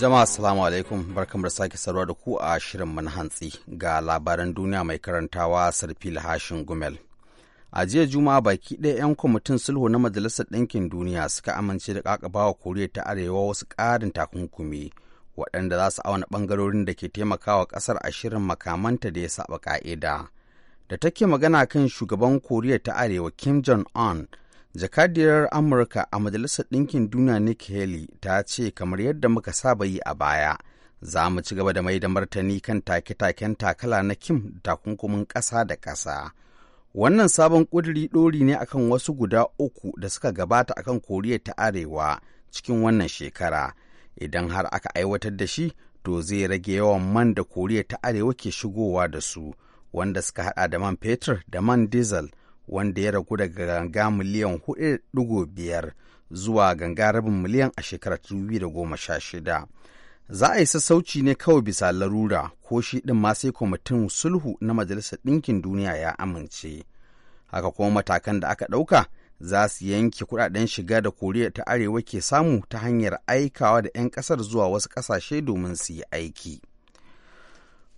Jama'a salamu alaikum barkamu da sake sarwa da ku a shirin manhantsi ga labaran duniya mai karantawa Sarfil Hashin Gumel. A jiya Juma'a baki ɗaya 'yan kwamitin sulhu na Majalisar Ɗinkin Duniya suka amince da ƙaƙabawa Koriya ta Arewa wasu ƙarin takunkumi waɗanda za su auna ɓangarorin da ke taimakawa ƙasar a shirin makamanta da ya saɓa ƙa'ida. Da take magana kan shugaban Koriya ta Arewa Kim Jong-un jakadiyar amurka a majalisar ɗinkin duniya nick haley ta ce kamar yadda muka saba yi a baya za mu ci gaba da mai da martani kan take-taken takala na kim da takunkumin ƙasa da ƙasa wannan sabon ƙuduri ɗori ne akan wasu guda uku da suka gabata akan koriya ta arewa cikin wannan shekara idan har aka aiwatar da shi to zai rage yawan man da koriya ta arewa ke shigowa da su wanda suka hada da man fetur da man diesel wanda ya ragu daga ganga miliyan 4.5 zuwa ganga rabin miliyan a shekarar 2016. Za a yi sassauci ne kawai bisa larura ko shi ɗin ma sai kwamitin sulhu na Majalisar Ɗinkin Duniya ya amince. Haka kuma matakan da aka ɗauka za su yanke kuɗaɗen shiga da Koriya ta Arewa ke samu ta hanyar aikawa da 'yan ƙasar zuwa wasu ƙasashe domin su yi aiki.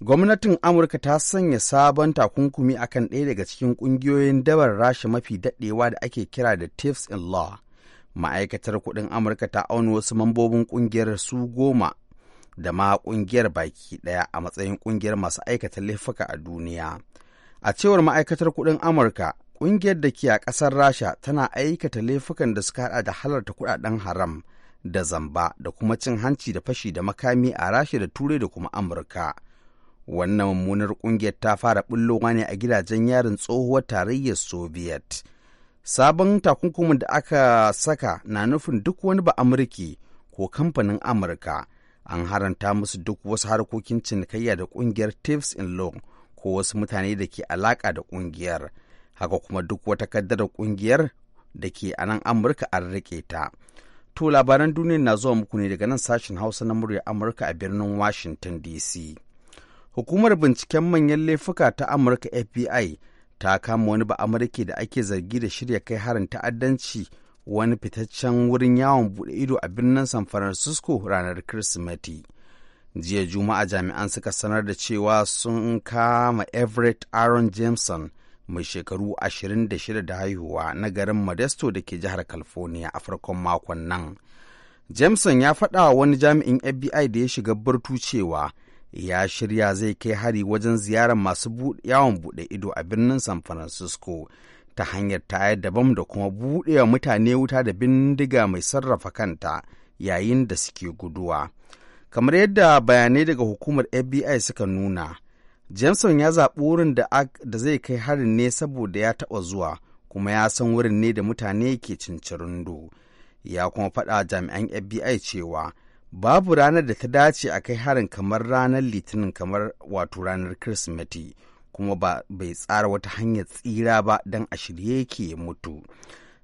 Gwamnatin Amurka ta sanya sabon takunkumi akan ɗaya daga cikin ƙungiyoyin dabar rasha mafi daɗewa da ake kira da Tips in Law. Ma'aikatar kuɗin Amurka ta auna wasu mambobin ƙungiyar su goma da ma ƙungiyar baki ɗaya a matsayin ƙungiyar masu aikata laifuka a duniya. A cewar ma'aikatar kuɗin Amurka, ƙungiyar da ke a ƙasar Rasha tana aikata laifukan da suka haɗa da halarta kuɗaɗen haram da zamba da kuma cin hanci da fashi da makami a Rasha da Turai da kuma Amurka. wannan mummunar kungiyar ta fara bullowa ne a gidajen yarin tsohuwar tarayyar soviet sabon takunkumin da aka saka na nufin duk wani ba amurki ko kamfanin amurka an haranta musu duk wasu harkokin cinikayya da kungiyar tips in law ko wasu mutane da ke alaka da kungiyar haka kuma duk wata kaddarar kungiyar da ke a nan amurka an rike ta to labaran duniya na zuwa muku ne daga nan sashen hausa na murya amurka a birnin washington dc Hukumar binciken manyan laifuka ta Amurka FBI ta kama wani ba'amurke da ake zargi da shirya kai harin ta'addanci wani fitaccen wurin yawon bude ido a birnin San Francisco ranar Kirsimeti. Jiya Juma'a jami'an suka sanar da cewa sun kama Everett Aaron Jameson mai shekaru 26 da haihuwa na garin Modesto da ke jihar California a farkon makon nan. Jameson ya faɗa wani jami'in FBI da ya shiga burtu cewa ya shirya zai kai hari wajen ziyarar masu yawon buɗe ido a birnin san francisco ta hanyar tayar da bam da kuma buɗewa mutane wuta da bindiga mai sarrafa kanta yayin da suke guduwa kamar yadda bayanai daga hukumar fbi suka nuna jameson ya zaɓi wurin da, da zai kai harin ne saboda ya taɓa zuwa kuma ya san wurin ne da mutane ke cincirindo ya kuma faɗa jami'an fbi cewa babu ranar da ta dace a kai harin kamar ranar litinin kamar wato ranar kirsimeti kuma ba bai tsara wata hanyar tsira ba don a shirye yake mutu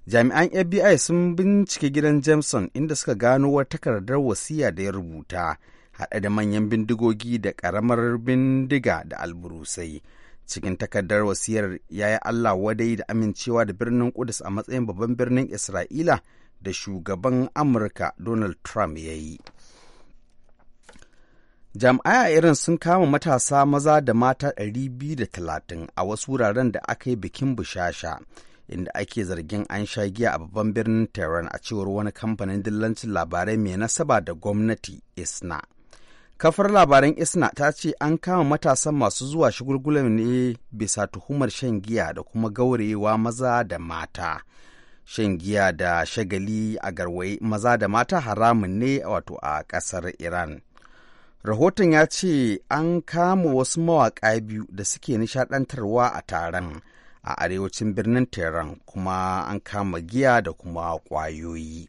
jami'an fbi sun bincike gidan jameson inda suka gano wata takardar wasiya da ya rubuta haɗe da manyan bindigogi da ƙaramar bindiga da alburusai cikin takardar wasiyar ya yi allah wadai da amincewa da birnin kudus a matsayin babban birnin isra'ila da shugaban amurka donald trump ya yi jami'ai a irin sun kama matasa maza da mata 230 a wasu wuraren da aka yi bikin bushasha inda ake zargin an sha giya a babban birnin tehran a cewar wani kamfanin dillancin labarai mai nasaba da gwamnati isna kafar labaran isna ta ce an kama matasan masu zuwa shagulgula ne bisa tuhumar shan giya da kuma gaurayewa maza da mata shan giya da shagali a garwaye maza da mata haramun ne wato a ƙasar iran rahoton ya ce an kama wasu mawaƙa biyu da suke nishaɗantarwa a taron a arewacin birnin tehran kuma an kama giya da kuma ƙwayoyi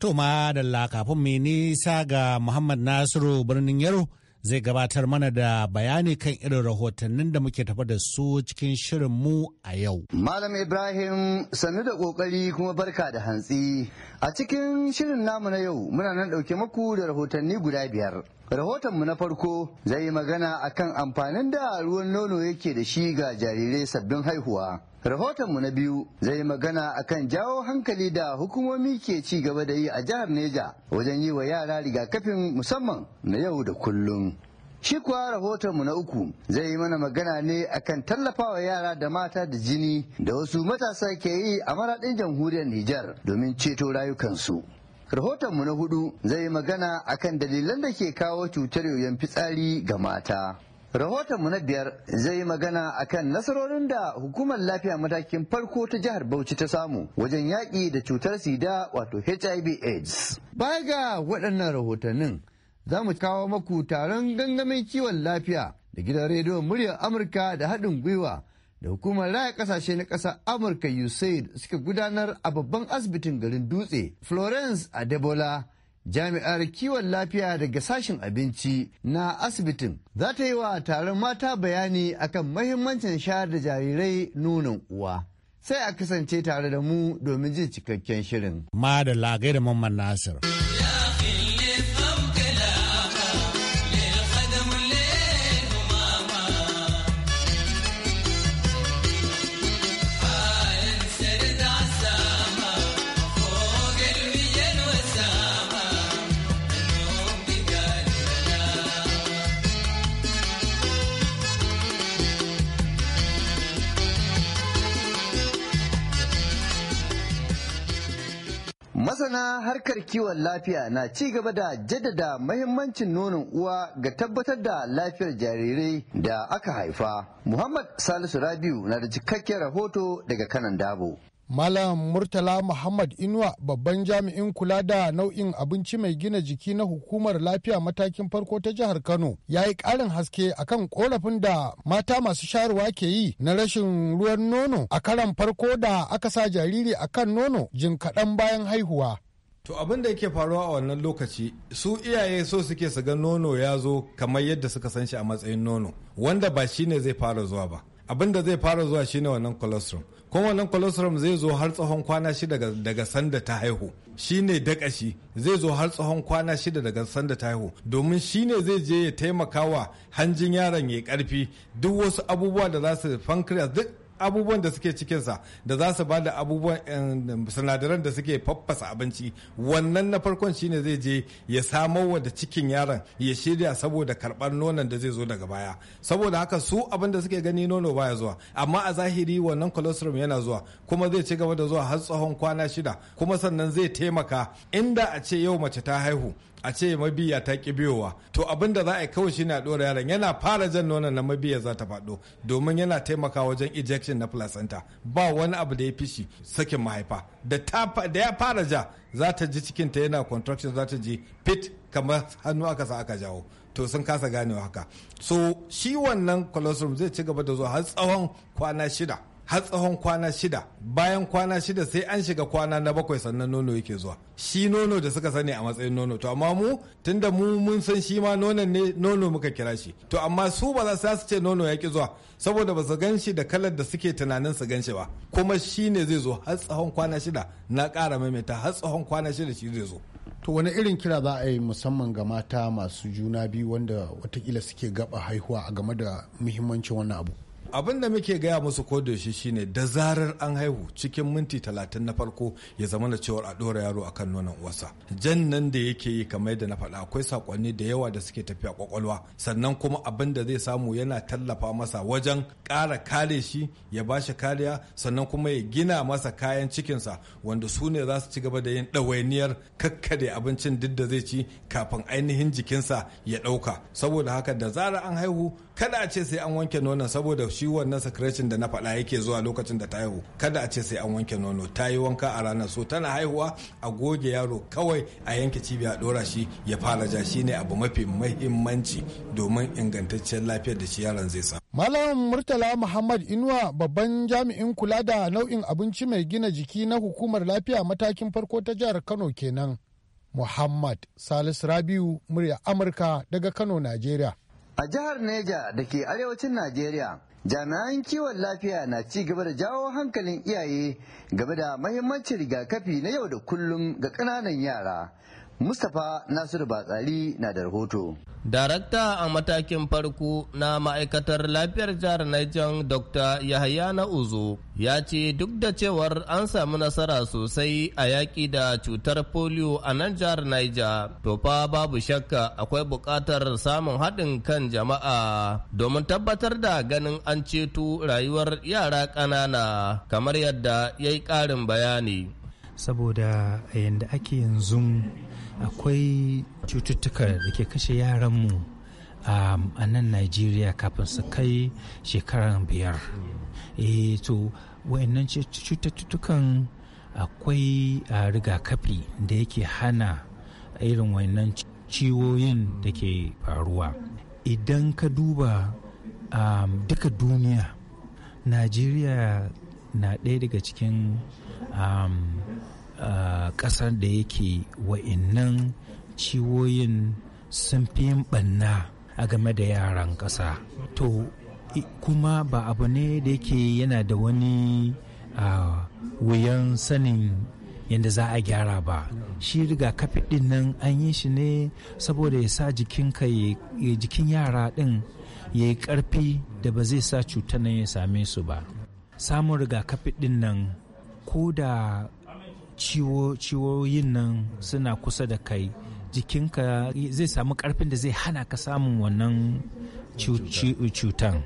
To ma da kafin mai nisa ga Muhammad Nasiru birnin Yaro zai gabatar mana da bayani kan irin rahotannin da muke tafa da su cikin shirin mu a yau. Malam Ibrahim sannu da kokari kuma barka da hantsi. A cikin shirin namu na yau muna nan ɗauke maku da rahotanni guda biyar. Rahotonmu na farko zai yi magana akan amfanin da ruwan nono yake da shi ga jarirai sabbin haihuwa. Rahotonmu na biyu zai magana akan jawo hankali da hukumomi ke ci gaba da yi a jihar Neja wajen yi wa yara rigakafin musamman na yau da kullum. Shi kuwa rahotonmu na uku zai yi mana magana ne akan tallafawa yara da mata da jini da wasu matasa ke yi a maraɗin jamhuriyar Nijar domin ceto rayukansu. Rahotonmu na hudu zai yi magana akan dalilan da ke kawo cutar yoyon fitsari ga mata. rahoton mu na biyar zai yi magana akan nasarorin da hukumar lafiya matakin farko ta jihar Bauchi ta samu wajen yaƙi da cutar sida wato HIV AIDS. Baya ga waɗannan rahotannin za mu kawo maku taron gangamin kiwon lafiya da gidan rediyon muryar Amurka da haɗin gwiwa da hukumar raya ƙasashe na ƙasar Amurka USAID suka gudanar a babban asibitin garin Dutse Florence Adebola. jami'ar kiwon lafiya daga sashen abinci na asibitin za ta yi wa taron mata bayani akan mahimmancin shayar da jarirai nonon uwa sai a kasance tare da mu domin jin cikakken shirin. lagai da Mamman Nasir. Masana harkar kiwon lafiya na ci gaba da jaddada mahimmancin nonon uwa ga tabbatar da lafiyar jarirai da aka haifa. Muhammad Salisu Rabiu na da cikakken rahoto daga kanan dabo. Malam Murtala Muhammad Inuwa babban jami'in kula da nau'in abinci mai gina jiki na hukumar lafiya matakin farko ta jihar Kano ya yi ƙarin haske akan korafin da mata masu shayarwa ke yi na rashin ruwan nono a karan farko da aka sa jariri a kan nono jin kaɗan bayan haihuwa. To abin da yake faruwa a wannan lokaci su iyaye so suke su ga nono ya zo kamar yadda suka san shi a matsayin nono wanda ba shine zai fara zuwa ba. Abin da zai fara zuwa shine wannan cholesterol. kuma nan colostrum zai zo har tsawon kwana shida daga sanda ta haihu shi shine dakashi zai zo har tsawon kwana shida daga sanda ta haihu domin shi ne zai je ya taimaka wa hanjin yaron ya karfi duk wasu abubuwa da za su pancreas duk abubuwan da suke cikinsa da za su ba da abubuwan sinadaran da suke faffasa abinci wannan na farkon shine zai je ya samo wanda cikin yaron ya shirya saboda karɓar nonon da zai zo daga baya saboda haka su abin da suke gani nono baya zuwa amma a zahiri wannan colostrum yana zuwa kuma zai ci gaba da zuwa har tsawon kwana shida kuma sannan zai taimaka inda a ce yau mace ta haihu a ce mabiya ta ki biyowa to abin da za a yi kawai shine a ɗora yaron yana fara jan nonon na mabiya za ta faɗo domin yana taimaka wajen ejection na placenta ba wani abu da ya fi shi sakin mahaifa da ya fara ja za ta ji cikinta yana contraction za ta ji fit kamar hannu aka sa aka jawo to sun kasa ganewa haka so shi wannan colostrum zai ci gaba da zuwa har tsawon kwana shida har tsawon kwana shida bayan kwana shida sai an shiga kwana na bakwai sannan nono yake zuwa shi nono da suka sani a matsayin nono to amma mu tunda mu mun san shi ma nonon ne nono muka kira shi to amma su ba za su ce nono ya ki zuwa saboda ba su gan shi da kalar da suke tunanin su gan shi ba kuma shi ne zai zo har tsawon kwana shida na ƙara maimaita har tsawon kwana shida shi zai zo to wani irin kira za a yi musamman ga mata masu juna biyu wanda watakila suke gaba haihuwa a game da muhimmancin wannan abu abin da muke gaya musu ko da shi shine da zarar an haihu cikin minti talatin na farko ya zama da cewar a ɗora yaro akan nonon uwarsa jan nan da yake yi kamar da na faɗa akwai saƙonni da yawa da suke tafiya ƙwaƙwalwa sannan kuma abin da zai samu yana tallafa masa wajen ƙara kare shi ya ba shi kariya sannan kuma ya gina masa kayan cikinsa wanda su ne za su ci gaba da yin ɗawainiyar kakkade abincin duk da zai ci kafin ainihin jikinsa ya ɗauka saboda haka da zarar an haihu kada a ce sai an wanke nonon saboda shi wannan secretion da na faɗa yake zuwa lokacin da ta haihu kada a ce sai an wanke nono ta yi wanka a ranar so tana haihuwa a goge yaro kawai a yanke cibiya a ɗora shi ya fara ja shi ne abu mafi mahimmanci domin ingantacciyar lafiyar da shi yaron zai samu. Malam Murtala Muhammad Inuwa babban jami'in kula da nau'in abinci mai gina jiki na hukumar lafiya matakin farko ta jihar Kano kenan. Muhammad Salisu Rabiu murya Amurka daga Kano, nigeria. A jihar Neja da ke arewacin Najeriya, jami'an kiwon lafiya na ci gaba da jawo hankalin iyaye game da mahimmancin rigakafi na yau da kullum ga ƙananan yara. Mustapha Nasiru Batsari na da rahoto. Darakta a matakin farko na ma'aikatar lafiyar jihar Niger Dr. Yahaya na Uzo ya ce duk da cewar an samu nasara sosai a yaƙi da cutar polio a nan jihar Niger, to fa babu shakka akwai buƙatar samun haɗin kan jama'a domin tabbatar da ganin an ceto rayuwar yara ƙanana kamar yadda ya yi ƙarin bayani. saboda yadda ake yanzu akwai cututtuka da ke kashe yaranmu um, a nan najeriya kafin su kai shekaran biyar e to wayannan cututtukan akwai rigakafi da yake hana irin wayannan ciwoyin da ke faruwa idan ka duba a um, duka duniya najeriya na ɗaya daga cikin um, a ƙasar da yake wa'innan ciwoyin sun fi yin ɓanna a game da yaran ƙasa to kuma ba abu ne da yake yana da wani wuyan sanin yadda za a gyara ba shi rigakafi din nan an yi shi ne saboda ya sa jikin yara din ya yi karfi da ba zai sa cutar nan ya same su ba samun rigakafi din nan ko da ciwoyin nan suna kusa da kai jikinka zai samu karfin da zai hana ka samun wannan cutan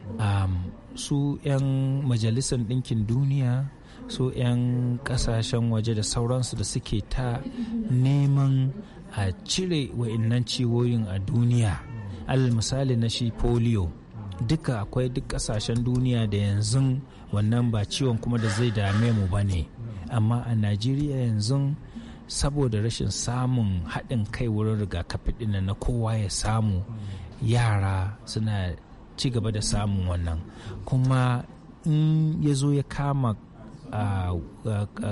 su 'yan majalisar ɗinkin duniya su 'yan ƙasashen waje da sauransu da suke ta neman a cire wa'innan ciwoyin a duniya al misali na shi polio duka akwai duk kasashen duniya da yanzu wannan ba ciwon kuma da zai dame mu ba ne amma a najeriya yanzu saboda rashin samun haɗin kai wurin rigakafi ɗin na kowa ya samu yara suna ci gaba da samun wannan kuma in ya zo ya kama a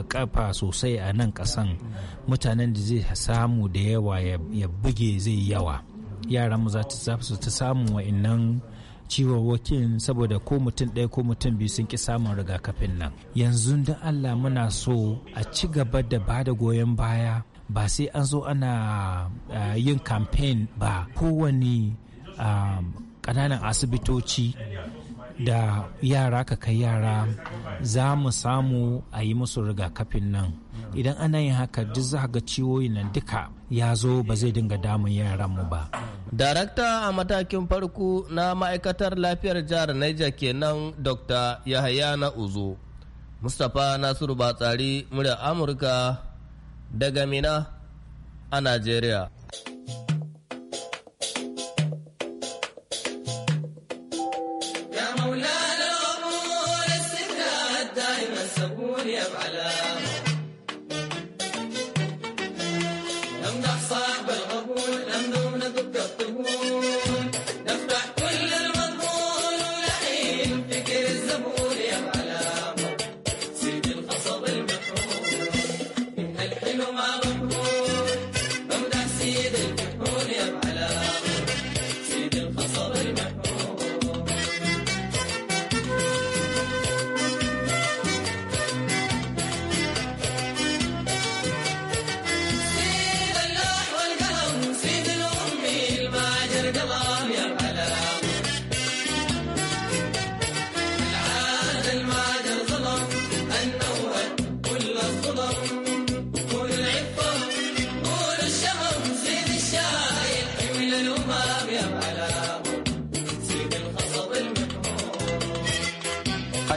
kafa sosai a nan kasan mutanen da zai samu da yawa ya buge zai yawa yaran mu za ta samu wa'innan ciwon saboda ko mutum ɗaya ko mutum biyu sun ki samun rigakafin nan yanzu da allah muna so a ci gaba da ba da goyon baya ba sai an zo ana eh, yin kamfen ba kowane um, ƙananan asibitoci da yara ka kai yara za mu samu a yi musu rigakafin nan idan ana yin haka duk za ga ciwoyin nan duka ya zo ba zai dinga damun yaran mu ba darakta a matakin farko na ma'aikatar lafiyar jihar Niger kenan dr yahaya na uzo mustapha nasiru batsari murya amurka daga mina a najeriya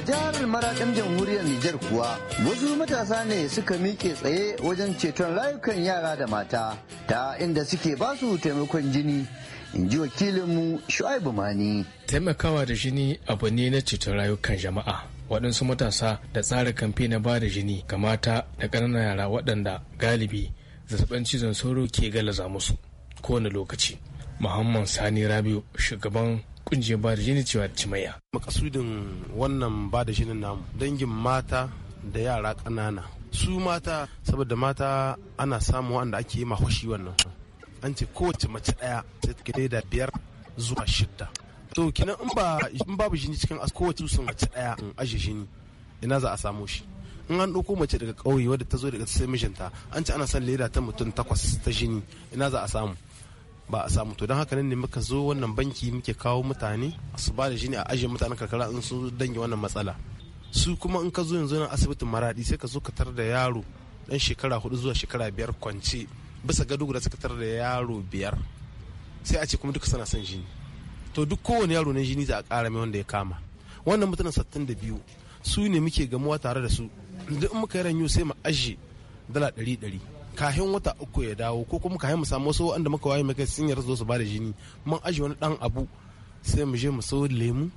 jihar Maraɗin jamhuriyar Nijar kuwa wasu matasa ne suka miƙe tsaye wajen ceton rayukan yara da mata ta inda suke basu taimakon jini in ji wakilinmu shu'aibu mani taimakawa da jini abu ne na ceton rayukan jama'a waɗansu matasa da tsara kamfe na ba da jini ga mata da ƙananan yara waɗanda galibi zazzabin cizon sauro ke galaza musu kowane lokaci muhammad sani rabiu shugaban kungiyar ba da jini cewa cimaya. makasudin wannan ba da jinin namu dangin mata da yara ƙanana su mata saboda mata ana samu wanda ake yi mahoshi wannan an ce kowace mace ɗaya sai ta da biyar zuwa shidda to kinan in ba in babu jini cikin kowace sun mace ɗaya in aje jini ina za a samu shi in an ɗauko mace daga ƙauye wadda ta zo daga sai mijinta an ce ana son leda ta mutum takwas ta jini ina za a samu ba a samu to don haka nan ne muka zo wannan banki muke kawo mutane su ba da jini a ajiye mutanen karkara in su dange wannan matsala su kuma in ka zo yanzu nan asibitin maradi sai ka zo ka tar da yaro dan shekara hudu zuwa shekara biyar kwance bisa gado guda suka tar da yaro biyar sai a ce kuma duka suna son jini to duk kowane yaro na jini za a kara mai wanda ya kama wannan mutanen sattin da biyu su ne muke gamuwa tare da su duk in muka yi ranyo sai mu ajiye dala ɗari ɗari kahin wata uku ya dawo ko kuma kahin mu samu wasu wanda muka waye muka sun yarda zo su bada jini mun aji wani dan abu sai mu je mu sau lemu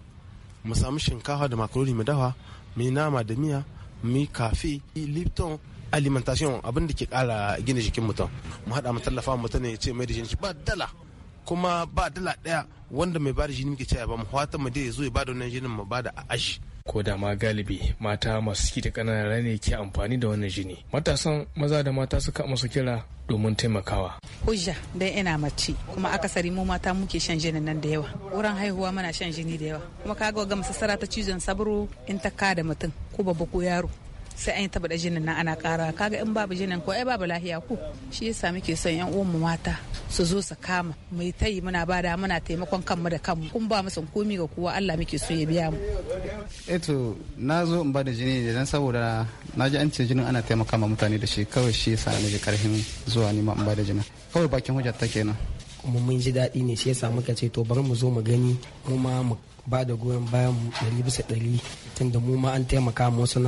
mu samu shinkafa da makaroni mu dafa mu nama da miya mu yi kafe lipton alimentation abin da ke kara gina jikin mutum mu haɗa mu tallafa mutum ne ya ce mai da jini ba dala kuma ba dala ɗaya wanda mai bada jini muke ce ba mu fatan mu dai ya zo ya bada wannan jinin mu bada a ashi ko da ma galibi mata masu ciki da ƙananan rane ke amfani da wannan jini matasan maza da mata suka masu kira domin taimakawa hujja dan ina mace kuma akasari mu mata muke shan jinin nan da yawa wurin haihuwa muna shan jini da yawa kuma kaga ga masassara ta cizon sabro in ta ka da mutum ko babba ko yaro sai an yi taba da jinin na ana kara kaga in babu jinin ko ai babu lahiya ko shi yasa muke son yan uwan mata su zo su kama mai tayi muna bada muna taimakon kanmu da kanmu kun ba mu san komi ga kowa Allah muke so ya biya mu eto eh na zo in bada jini ne dan saboda na ji an ce jinin ana taimaka ma mutane da shi kawai shi yasa na ji karfin zuwa ni ma in bada jinin kawai bakin hujja ta kenan kuma mun ji daɗi ne shi yasa muka ce to bari mu zo mu gani mu ma mu ba da goyon bayan mu ɗari bisa ɗari tunda mu ma an taimaka mu wasu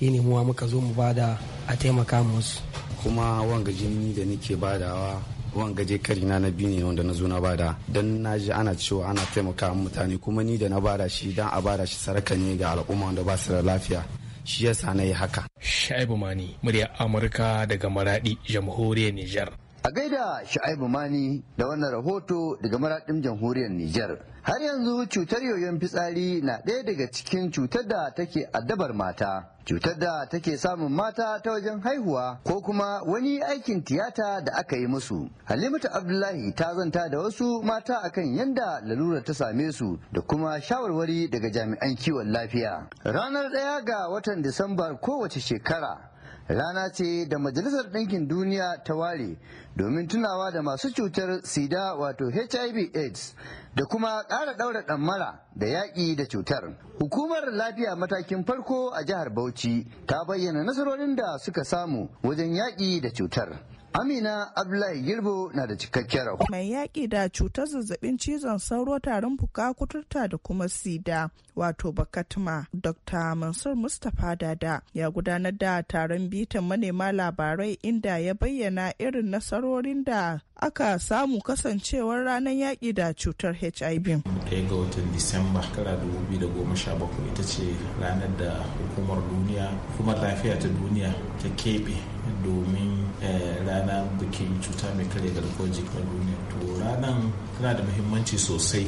shine muwa muka zo mu bada a taimaka musu kuma wanga jini da nake badawa wanga je kari na na biyu ne wanda na zo na bada dan na ji ana cewa ana taimaka mutane kuma ni da na bada shi dan a bada shi saraka ne ga al'umma wanda ba su da lafiya shi yasa na yi haka shaibu mani murya amurka daga maradi jamhuriyar nijar a gaida shaibu mani da wannan rahoto daga maradin jamhuriyar nijar Har yanzu cutar yoyon fitsari na ɗaya daga cikin cutar da take addabar mata. Cutar da take samun mata ta wajen haihuwa ko kuma wani aikin tiyata da aka yi musu. Halimatu Abdullahi ta zanta da wasu mata akan yadda Lalura ta same su da kuma shawarwari daga jami'an kiwon lafiya. Ranar ɗaya ga watan Disambar kowace shekara rana ce da majalisar ɗinkin duniya ta ware domin tunawa da masu cutar sida wato hiv aids da kuma ƙara ɗaura ɗammara da yaƙi da cutar hukumar lafiya matakin farko a jihar bauchi ta bayyana nasarorin da suka samu wajen yaƙi da cutar Amina Abdullahi Girbo na da cikakkiyar rahoto. Mai yaƙi da cutar zazzabin cizon sauro tarin fuka kuturta da kuma sida wato bakatma Dr. Mansur Mustapha Dada ya gudanar da taron bitan manema labarai inda ya bayyana irin nasarorin da aka samu kasancewar ranar yaƙi da cutar HIV. Ɗaya ga watan Disamba kara 2017 ita ce ranar da hukumar duniya, hukumar lafiya ta duniya ta keɓe domin eh, ranar bikin cuta mai karya garkuwar jiki na duniya to ranar tana da muhimmanci sosai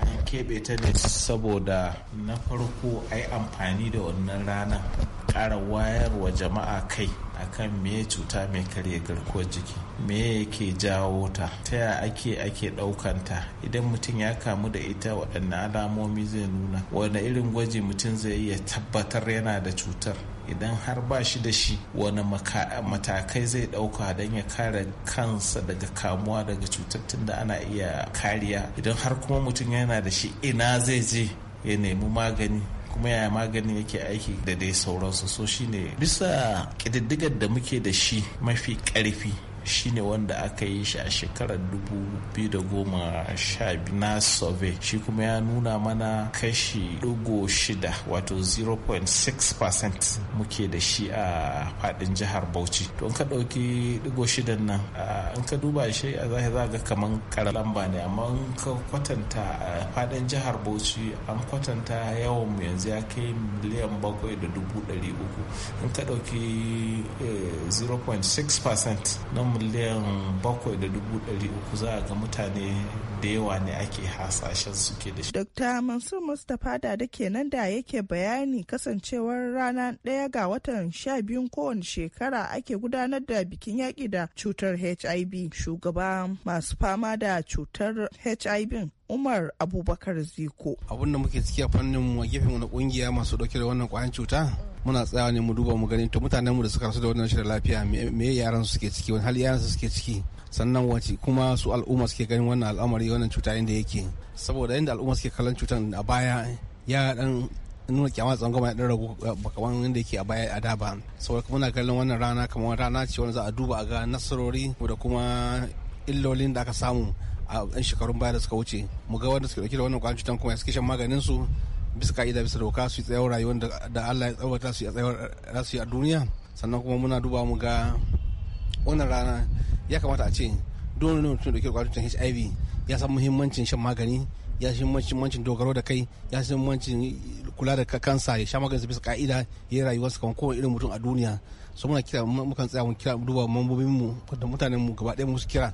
an keɓe ta ne saboda na farko ai amfani da wannan ranar ƙara wayarwa jama'a kai akan me cuta mai karya garkuwar jiki me yake jawo ta ta ya ake ake ɗaukanta idan mutum ya kamu da ita waɗanne alamomi zai nuna wanda irin gwaji mutum zai iya tabbatar yana da cutar idan har ba shi da shi wani matakai zai ɗauka don ya kare kansa daga kamuwa daga cutattun da ana iya kariya idan har kuma mutum yana da shi ina zai je ya nemi magani kuma yaya maganin yake aiki da dai sauransu so shine bisa ƙididdigar da muke da shi mafi ƙarfi shine wanda aka yi shi a shekarar 2010 na survey shi kuma ya nuna mana kashi ɗigo shida wato 0.6% muke da shi a faɗin jihar bauchi to in ka ɗauki ɗigo nan in ka duba shi a zahi za kaman ƙara lamba ne amma in ka kwatanta a faɗin jihar bauchi an kwatanta yawan mu yanzu ya kai miliyan bakwai da dubu ɗari uku in ka ɗauki 0.6% eh, nan miliyan bakwai za a ga mutane da yawa ne ake hasashen suke da shi. Dokta Mansur Mustapha da da kenan da yake bayani kasancewar rana ɗaya ga watan sha biyun kowane shekara ake gudanar da bikin yaƙi da cutar HIV. Shugaba masu fama da cutar HIV Umar Abubakar Ziko. Abin da muke ciki a fannin mu a gefen wani kungiya masu dauke da wannan kwayan cuta muna tsayawa ne mu duba mu gani to mutanen mu da suka rasu da wannan shirin lafiya me yaran su suke ciki wani hali yaran su suke ciki sannan wace kuma su al'umma suke ganin wannan al'amari wannan cuta inda yake saboda inda al'umma suke kallon cutan a baya ya dan nuna kyamar tsangwama ya dan ragu kamar inda yake a baya a da ba saboda kuma na kallon wannan rana kamar rana ce wanda za a duba a ga nasarori da kuma illolin da aka samu a yan shekarun baya da suka wuce mu ga wanda suke dauke da wannan kwayan cutan kuma suke shan maganin su bisa ka'ida bisa doka su tsayawar rayuwar da Allah ya tsawata su a su a duniya sannan kuma muna duba mu ga wannan rana ya kamata a ce dole ne mutum da ke kwatantar HIV ya san muhimmancin shan magani ya san muhimmancin dogaro da kai ya san muhimmancin kula da kansa ya sha magani bisa ka'ida ya rayuwar su kamar kowane irin mutum a duniya so muna kira mukan tsaya mu kira duba mambobin mu da mutanen mu gaba ɗaya su kira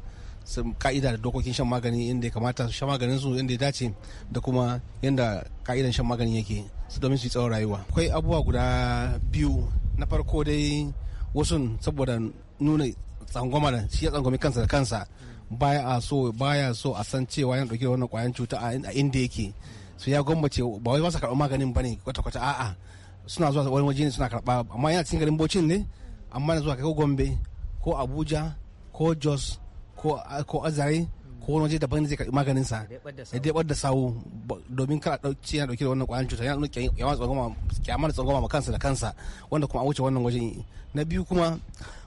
ka'ida da dokokin shan magani inda ya kamata su sha maganin su inda ya dace da kuma yadda ka'idan shan magani yake su domin su yi tsawon rayuwa akwai abubuwa guda biyu na farko dai wasu saboda nuna tsangwama da shi ya tsangwami kansa da kansa baya a so baya so a san cewa yana dauke da wannan kwayan cuta a inda yake su ya gwammace ba wai masa karɓar maganin bane kwata-kwata a'a suna zuwa wani waje ne suna karɓa amma yana cikin garin bocin ne amma yana zuwa kai ko gombe ko abuja ko jos ko azare ko wani waje daban zai karbi maganin sa ya dai bar da sawu domin kar a dauki yana dauke da wannan kwayan cuta yana nuna kyamar tsangwama kyamar tsangwama ma kansa da kansa wanda kuma a wuce wannan waje na biyu kuma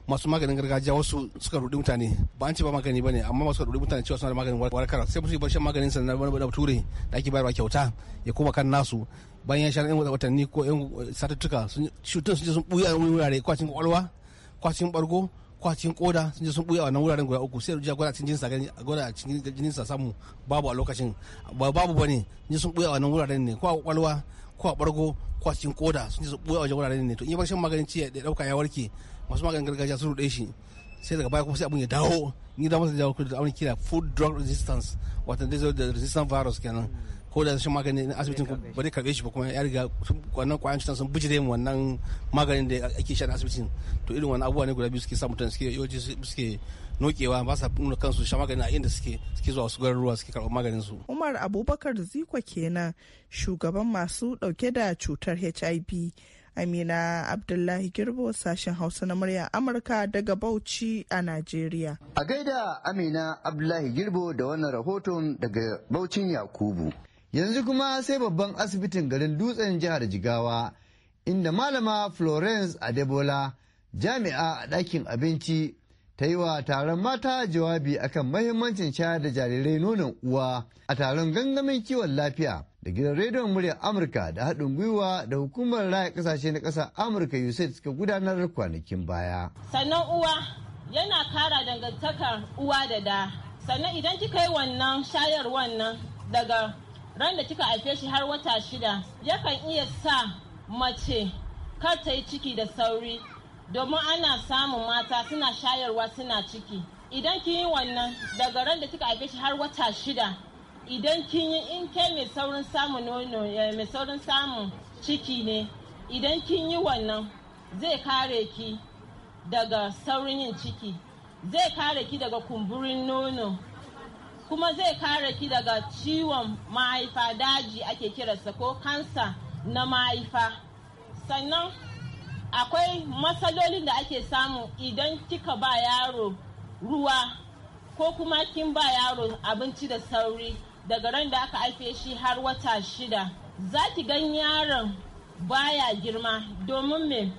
masu maganin gargajiya wasu suka rudi mutane ba an ce ba magani bane amma masu rudi mutane cewa suna da maganin warkar sai musu bar shan maganin sa na wani da ture da ake bayarwa kyauta ya koma kan nasu bayan ya sha yan watanni ko yan satuttuka cutun sun je sun buya a wurare kwacin kwalwa kwacin bargo kwacin koda sun je sun buya wannan wuraren guda uku sai rujiya gwada cikin jinsa gani a gwada cikin jinsa samu babu a lokacin babu bane je sun buya wannan wuraren ne ko a kwakwalwa ko a bargo ko a cikin koda sun je sun buya wajen wuraren ne to in ya bar shan maganin ciye da dauka ya warke masu maganin gargajiya sun rude shi sai daga baya kuma sai abun ya dawo ni da masa jawo da abin kira food drug resistance wato da resistant virus kenan ko da shan magani na asibitin ba zai karbe shi ba kuma ya riga wannan kwayan cutar sun bijire mu wannan maganin da ake sha na asibitin to irin wannan abubuwa ne guda biyu suke sa mutane suke yoji suke nokewa ba sa nuna kansu sha magani a inda suke suke zuwa su garuruwa suke karɓar maganin su Umar Abubakar Ziko kenan shugaban masu ɗauke da cutar HIV Amina Abdullahi Girbo sashen Hausa na murya Amurka daga Bauchi a Najeriya. A gaida Amina Abdullahi Girbo da wannan rahoton daga Baucin Yakubu. yanzu kuma sai babban asibitin garin dutsen jihar jigawa inda malama florence adebola jami'a a ɗakin abinci ta yi wa taron mata jawabi akan mahimmancin shayar da jarirai nonon uwa a taron gangamin kiwon lafiya da gidan rediyon muryar amurka da haɗin gwiwa da hukumar raya ƙasashe na ƙasa amurka usaid suka gudanar kwanakin baya sannan uwa yana kara dangantakar uwa da da sannan idan kika yi wannan shayar nan daga ran da kika haife shi har wata shida yakan iya sa mace kar ta yi ciki da sauri domin ana samun mata suna shayarwa suna ciki idan kin yi wannan daga ran da kika haife shi har wata shida idan kin yi in kai mai saurin samun nono eh, mai saurin samun ciki ne idan kin yi wannan zai kare ki daga saurin yin ciki zai kare ki daga kumburin nono kuma zai kare ki daga ciwon mahaifa daji ake kiransa ko kansa na mahaifa sannan akwai matsalolin da ake samu idan kika ba yaro ruwa ko kuma kin ba yaro abinci da sauri daga ran da aka haife shi har wata shida za ki gan yaron baya girma domin me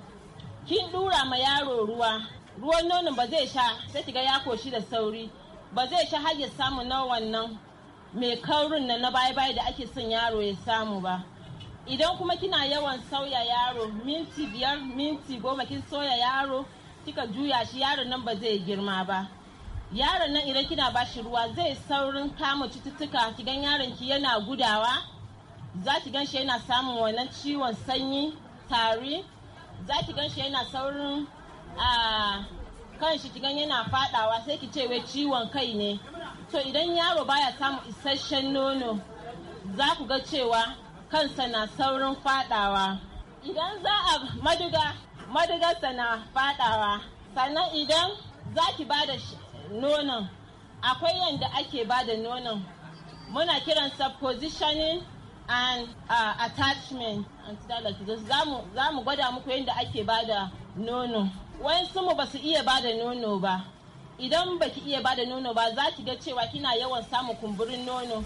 kin dura ma yaro ruwa ruwan nono ba zai sha sai ki ga ya koshi da sauri ba zai sha hajji samu na wannan mai kaurin na na baya-baya da ake son yaro ya samu ba idan kuma kina yawan sauya yaro minti biyar minti goma kin sauya yaro kika juya shi yaron nan ba zai girma ba yaro nan idan kina ba shi ruwa zai saurin kama cututtuka ki gan yaron ki yana gudawa za ki gan shi yana samun wannan ciwon sanyi tari za ki gan shi yana saurin ah, kan shi kigan yana fadawa sai ki ce wai ciwon kai ne to idan yaro baya samu isasshen nono za ku ga cewa kansa na saurin fadawa idan za a maduga madugarsa na fadawa sannan idan za ki ba da nonon akwai yadda ake ba da nonon muna kiransa positioning and uh, attachment za mu gwada muku yadda ake ba da nono wayansu mu ba su iya bada nono ba idan baki iya bada nono ba za ki ga cewa kina yawan samun kumburin nono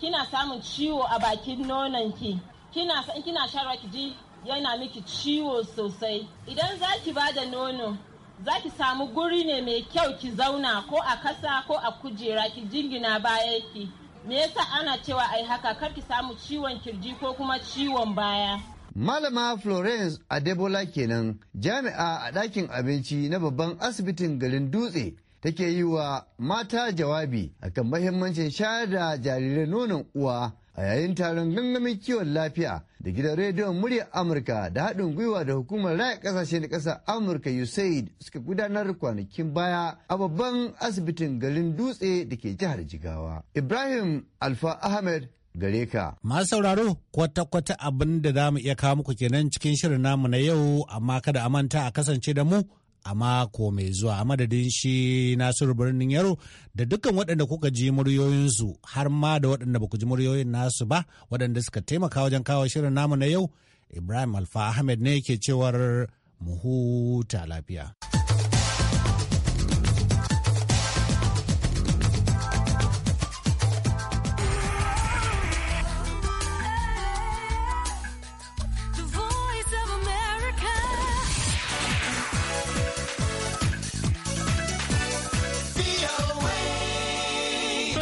kina samun ciwo a bakin nonon ki kina san kina sharwa ki ji yana miki ciwo sosai idan za ki ba nono za ki samu guri ne mai kyau ki zauna ko a kasa ko a kujera ki jingina baya ki me yasa ana cewa ai haka kar ki samu ciwon kirji ko kuma ciwon baya Malama Florence Adebola kenan jami'a a ɗakin abinci na babban asibitin garin dutse take yi wa mata jawabi akan mahimmancin shayar da jarirai nonon uwa a yayin taron gangamin kiwon lafiya da gidan rediyon Murya amurka da haɗin gwiwa da hukumar raya ƙasashe na ƙasar amurka usaid suka gudanar kwanakin baya a babban asibitin garin dutse da ke jihar jigawa ibrahim alfa ahmed gare ka. Masu sauraro kwata-kwata abin da za mu iya kawo muku kenan cikin shirin namu na yau amma kada a manta a kasance da mu a mako mai zuwa a madadin shi nasiru birnin yaro da dukkan waɗanda kuka ji muryoyinsu har ma da waɗanda ba ku ji muryoyin nasu ba waɗanda suka taimaka wajen kawo shirin namu na yau ibrahim alfa ahmed ne ke cewar mu huta lafiya.